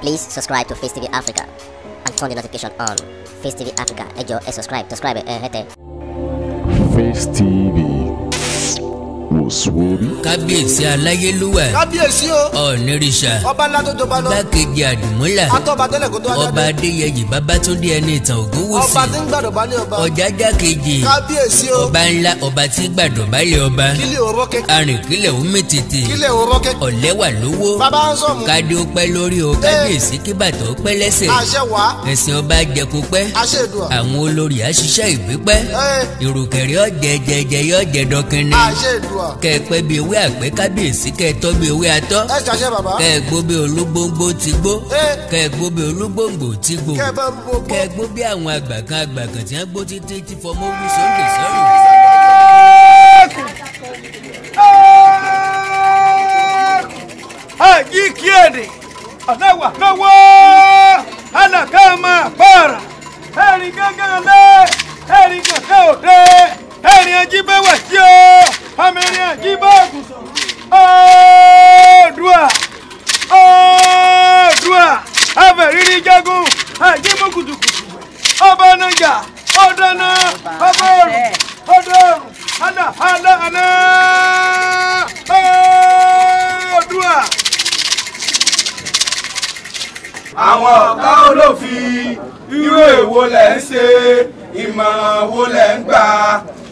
Please subscribe to Face TV Africa and turn the notification on. Face TV Africa, ejo, subscribe, subscribe, eh, eh, eh. Face TV Moswori. kábíyèsí aláyélúwà. kábíyèsí o. ọ̀nìrìṣà. ọba ńlá tó jọba lọ. gbàkejì àdìmúlà. atọ́ba tẹ́lẹ̀ kó tó ajá dé. ọba adéyẹyè babátúndé ẹni ìtàn ògúnwùsì. ọba tí ń gbàdọ̀bálẹ̀ ọba. ọ̀jájá kejì. kábíyèsí o. ọba ńlá ọba tí ń gbàdọ̀bálẹ̀ ọba. kílẹ̀ òró kẹ. arìnkílẹ̀ omi tètè. kílẹ̀ òró kẹ. ọ̀lẹ́wà lówó. bàbá ń sọ̀mù. kádé ó pẹ́ kẹ ẹ pẹ́ ewé àgbẹ̀ kábíyèsí kẹ ẹ tọ́ bí ewé kẹ gbó bí olúgbóngbó ti gbó kẹ gbó bí olúgbóngbò ti gbó kẹ ẹ gbó bí àwọn àgbàkan àgbàkan tí wọ́n gbó títí tí fọmọ wí sókè sọ́rùn. àjí kí èdè ọ̀lẹ́wà lọ́wọ́ alàkà máa pààrà ẹ̀rìn gángan lé ẹ̀rìn gàngan òde ẹ̀rìn ajíbẹ̀wẹ̀ tí ó amẹ́rẹ́ jí báàgù sọ̀rọ̀ oòdùà oòdùà afẹ́rírí jagun àjímú kùtùkùtù ọba nàjà ọdáná ọba ọrùn ọdọ ọrùn ada ada ana oòdùà. àwọn ọ̀gá olófin irú èwo lẹ̀ ń ṣe ìmọ̀ràn wo lẹ̀ ń gbà.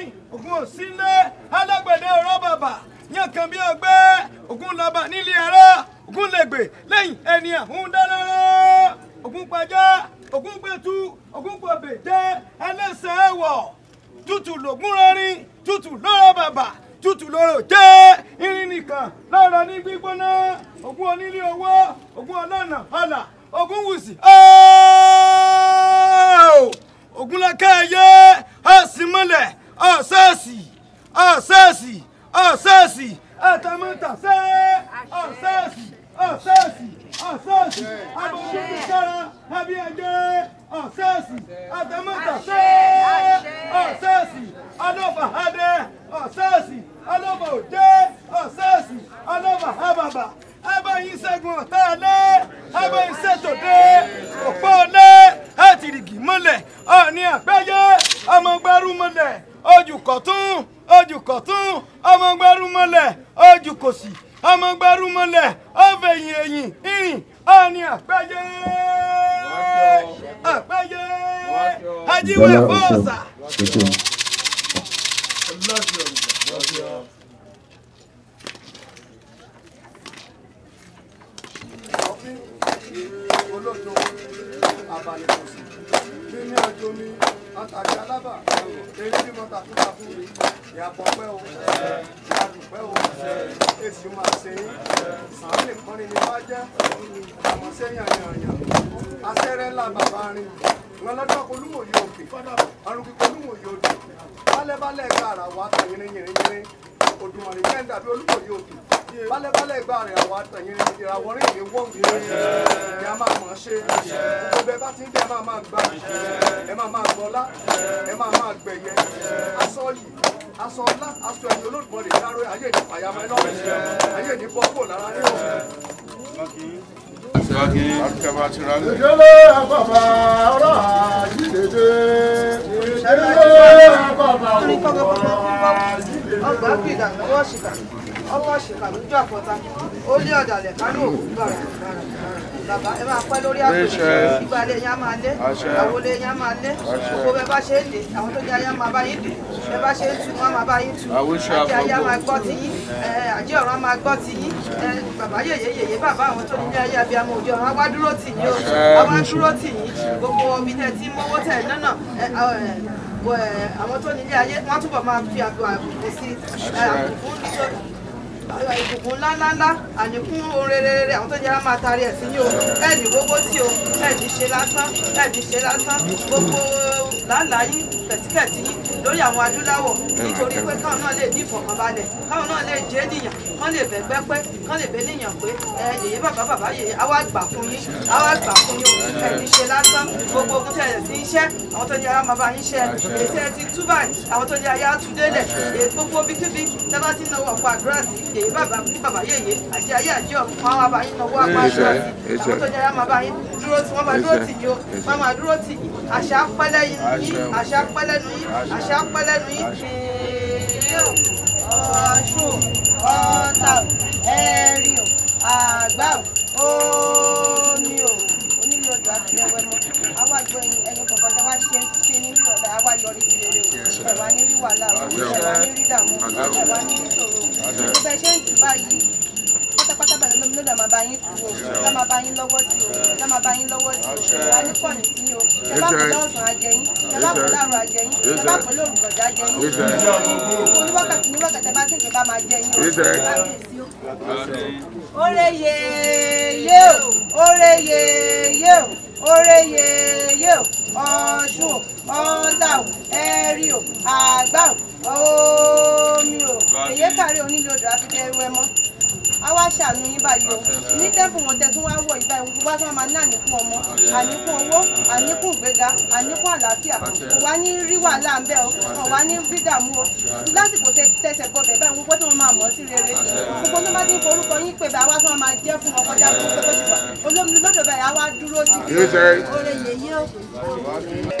mi ògùn òsínlé alágbẹ̀dẹ ọ̀rọ̀ bàbà yankan bí ọgbẹ́ ògùn lọ́ba nílé ara ògùn lẹ́gbẹ̀ lẹ́yìn ẹni àhún dáadáa Ogun pàjá ògùn gbẹ̀tú ògùn pọ̀bẹ̀ jẹ́ ẹlẹ́sẹ̀ ẹ̀wọ̀ Tutu lògùn rọrin tútù lọ́rọ̀ bàbà tútù lọ́rọ̀ jẹ́ irin nìkan lọ́rọ̀ ní gbígbóná ògùn onílé owó ògùn ọlọ́nà ọ̀là ògùn wùsì ooo ògùn lákẹ́ ẹ̀yẹ ọ̀sìn mọ́lẹ̀ ọ̀sẹ̀ẹ̀sì ọ̀sẹ̀ẹ̀sì ọ̀sẹ̀ẹ̀sì ẹ̀tẹ̀mọ́tàṣe ọ̀sẹ̀ẹ̀sì ọ̀sẹ̀ẹ̀sì ọ̀sẹ̀ẹ̀sì abọ́dúnmísára ẹbí ẹ̀jẹ̀ ọ̀sẹ̀ẹ̀sì ẹ̀tẹ̀mọ́tàṣe ọ̀sẹ̀ẹ̀sì ọlọ́bàhádẹ́ ọ̀sẹ̀ẹ̀sì ọlọ́bàòdé ọ̀sẹ̀ẹ̀sì ọlọ́bàhábàbà ẹbẹ yìí ṣẹ́gun ọ̀tá ẹlẹ́ ẹbẹ yìí ṣètòdé òpó ọlẹ́ ẹ̀tìrìgì mọ́lẹ̀ ọ̀ọ́ni àgbáyé ọmọ gbárù mọ́lẹ̀ ojúkọ̀tún ojúkọ̀tún ọmọgbárùmọ̀lẹ̀ ojúkòsì ọmọgbárùmọ̀lẹ̀ ọ̀fẹ̀yìn ẹ̀yìn ìyìn ọ̀ọ́ni àpẹ́jẹ́ àpẹ́jẹ́ ajíwẹ̀ fọ́ọ̀sà. olóòjó abalẹ̀ kò sí nínú ọjọ́ mi àtàrí alábà èyí ni mo tàkú tàkú rí ìyàbọ̀ pẹ́ o ìyàdùpẹ́ o èsì máa ṣe yín sàn ni bá jẹ́ àmọ́ sẹ́yìn àyànyàn asẹ́rẹ́ ńlá bàbá rìn wọn lọ́dọ̀ olúmòye òkè ọ̀run kíkọ́ kẹ́ńdà bí olúmòye òkè bálẹ̀bálẹ̀ gba rẹ̀ àwọn àtẹ̀yìn ìràwọ̀ rìn ní wọ́n mi ni a máa mọ̀ ṣe gbogbo ẹ bá ti ń dẹ́ ẹ máa máa gbà ẹ máa máa gbọ́lá ẹ máa máa gbẹ̀yẹ aṣọ yìí aṣọ ọlá aṣọ ẹ̀yìn olódùmọ̀rẹ̀ láró ayé ìdìpàyàmọ́ ẹlọ́rẹ̀ ayé ìdìbọ̀ kò lára ní òun ìdílé àpapà ọ̀rọ̀ àjídédé ìdílé àpapà ọ̀rọ̀ àjídédé ọwọ́ ṣèkà lójú àpọ́ta ó lé ọ̀dàlẹ̀ kánú òkú gbàrà gbàrà bàbá ẹ máa pẹ́ lórí àpèjì ìgbàlẹ̀ yẹn á máa lé àwọlé yẹn á máa lé gbogbo ẹ bá ṣe é lè àwọn tó jẹ́ ayé á máa bá yín lè ẹ bá ṣe é tu wọn á máa bá yín tu àti ayé á máa gbọ́ ti yín àjẹ́ ọ̀rọ̀ á máa gbọ́ ti yín bàbá yèyé yèyé bàbá àwọn tó nílé ayé abiyamọ òjò àwọn wá dúró tì yín o àwọn wá dúró tì yín gbogbo omi tẹ ti mówó tẹ náà àwọn tó nílé ayé wọn túbọ̀ máa fi àbò àbùkù sí àbùkù nítorí ìbùkún ńláńláńlá àníkún ohun rere àwọn tó yára máa taari ẹ̀ sí yín o ẹ̀ ní gbogbo tí o ẹ̀ ní ṣe lásán ẹ̀ ní ṣe lásán gbogbo làálàá yín pẹ̀típẹ̀tì yín lórí àwọn adúláwọ̀ nítorí pé káwọn náà lè ní ìfọ̀kànbalẹ̀ káwọn náà lè jẹ́ nìyàn kán lè bẹ̀gbẹ́ pé kán lè bẹ́ nìyàn pé ẹ yèyé bàbá bàbá yèyé àwa gbà fún yín àwa gbà fún yín ẹ ti ṣe lásán gbogbo ogun tẹ̀lé sí iṣẹ́ àwọn tó ní ara máa bá yín ṣe èyí tẹ́ ti tú báyìí àwọn tó ní ayé àtúndélẹ̀ èyí gbogbo bíkíbi tẹ́ bá ti náwó àpò àdúrà sí yèyé bàbá bàbá yèyé àti ayé àjẹ́ ọ̀hún àwọn àbáyín náwó àpò àdúrà sí àwọn tó ní ara máa bá yín dúró tí wọ́n máa dúró tì yín o wọ́n máa dúró tì yín àṣà pẹ́lẹ́ yìí àṣà pẹ́lẹ́ nu yìí àṣà pẹ́lẹ́ nu yìí ṣèyíò ọ̀ṣun ọ̀tà ẹ̀rì ò àgbà omi ò onílé odò àtẹ̀wẹ̀ mọ́ àwa gbẹ̀yìn ẹni kọ̀ọ̀kan tá a bá ṣe ṣe nílé ọ̀dà àwa yọrí sí rere o ẹ̀wà ní rí wàhálà o ẹ̀wà ní rí dààmú ẹ̀wà ní rí ṣòro bẹ́ẹ̀ ṣe ń tì báyìí pátápátá ló lè máa bá ore yeye o ore yeye o ore yeye. ṣàánú yín báyìí o ní tẹ́bùn wọn tẹ́tún wá wọ̀ ìgbà ìwọ̀n wá tí máa ní àníkún ọmọ àníkún owó àníkún ìgbéga àníkún àlàáfíà kò ní rí wàhálà ń bẹ o kò ní rí o lásìkò tẹsẹ̀ gbọbẹ̀ báyìí gbogbo tí wọ́n máa mọ̀ sí rere gbogbo tó bá ti ń forúkọ yín pé bá wá tí wọ́n máa jẹ́ fún wọn kọjá fún pé bó ṣe wà olómi lọ́dọ̀ báyìí á wá dúró sí i.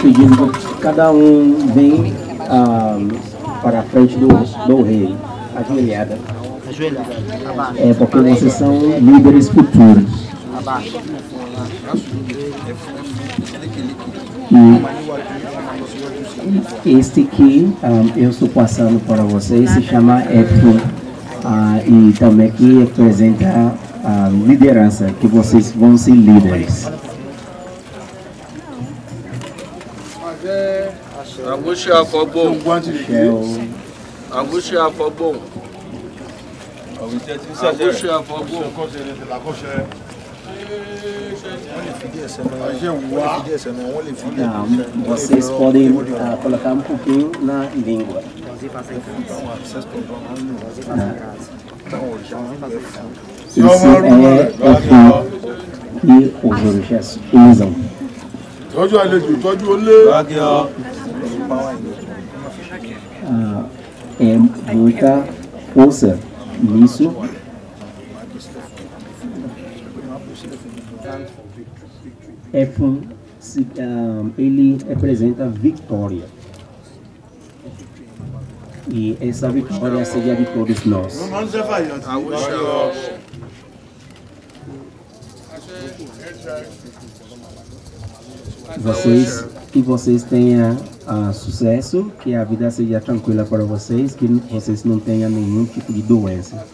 pedindo que cada um vem ah, para a frente do, do rei, ajoelhada. É porque vocês são líderes futuros. E este que ah, eu estou passando para vocês se chama Efim ah, e também que representa a liderança, que vocês vão ser líderes. Angústia afobom. Angústia afobom. Angústia afobom. Não, vocês podem uh, colocar um pouquinho na língua e faça então, né? então, em casa. Esse é ní òṣèré ìlú. Tọ́jú olho, tọ́jú olé. Ah, é muita força nisso. É, ah, ele representa vitória e essa vitória seja de todos nós. Vocês, que vocês tenham uh, sucesso, que a vida seja tranquila para vocês, que vocês não tenham nenhum tipo de doença.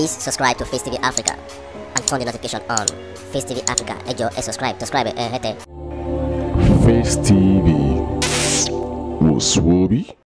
Please subscribe to Face TV Africa and turn the notification on. Face TV Africa, ejo, e subscribe, subscribe, eh, hete. Face TV was